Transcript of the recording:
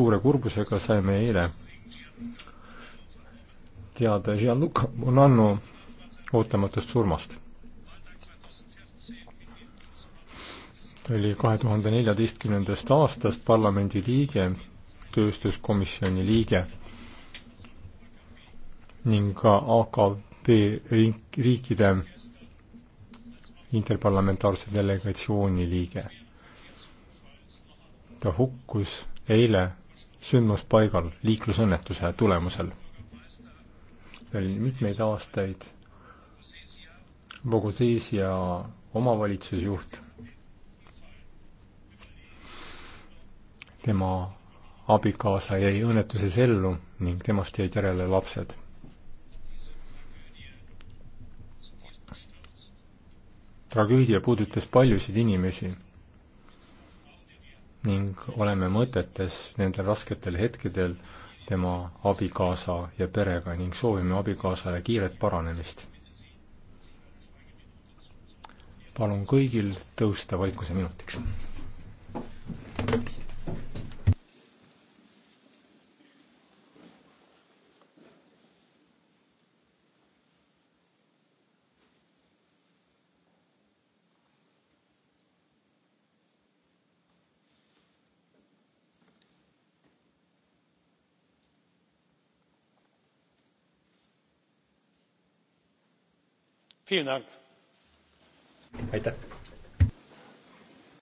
suure kurbusega saime eile teada Gianluca Bonanno ootamatust surmast. ta oli kahe tuhande neljateistkümnendast aastast parlamendi liige, tööstuskomisjoni liige ning ka AKP riikide interparlamentaarse delegatsiooni liige. ta hukkus eile sündmuspaigal liiklusõnnetuse tulemusel. oli mitmeid aastaid Bogoseesia omavalitsusjuht. tema abikaasa jäi õnnetuses ellu ning temast jäid järele lapsed. tragöödia puudutas paljusid inimesi ning oleme mõtetes nendel rasketel hetkedel tema abikaasa ja perega ning soovime abikaasale kiiret paranemist. palun kõigil tõusta vaikuse minutiks. aitäh!